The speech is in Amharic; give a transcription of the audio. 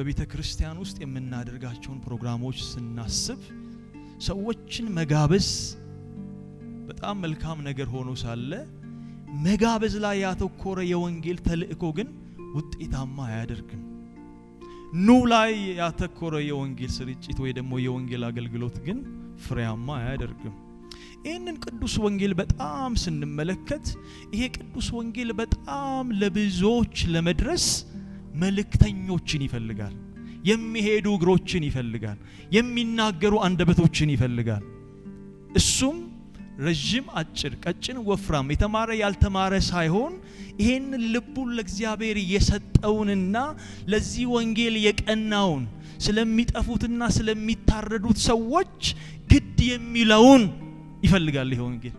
በቤተ ክርስቲያን ውስጥ የምናደርጋቸውን ፕሮግራሞች ስናስብ ሰዎችን መጋበዝ በጣም መልካም ነገር ሆኖ ሳለ መጋበዝ ላይ ያተኮረ የወንጌል ተልእኮ ግን ውጤታማ አያደርግም። ኑ ላይ ያተኮረ የወንጌል ስርጭት ወይ ደግሞ የወንጌል አገልግሎት ግን ፍሬያማ አያደርግም። ይህንን ቅዱስ ወንጌል በጣም ስንመለከት ይሄ ቅዱስ ወንጌል በጣም ለብዙዎች ለመድረስ መልእክተኞችን ይፈልጋል። የሚሄዱ እግሮችን ይፈልጋል። የሚናገሩ አንደበቶችን ይፈልጋል። እሱም ረዥም፣ አጭር፣ ቀጭን፣ ወፍራም፣ የተማረ ያልተማረ ሳይሆን ይሄንን ልቡን ለእግዚአብሔር የሰጠውንና ለዚህ ወንጌል የቀናውን ስለሚጠፉትና ስለሚታረዱት ሰዎች ግድ የሚለውን ይፈልጋል ይሄ ወንጌል።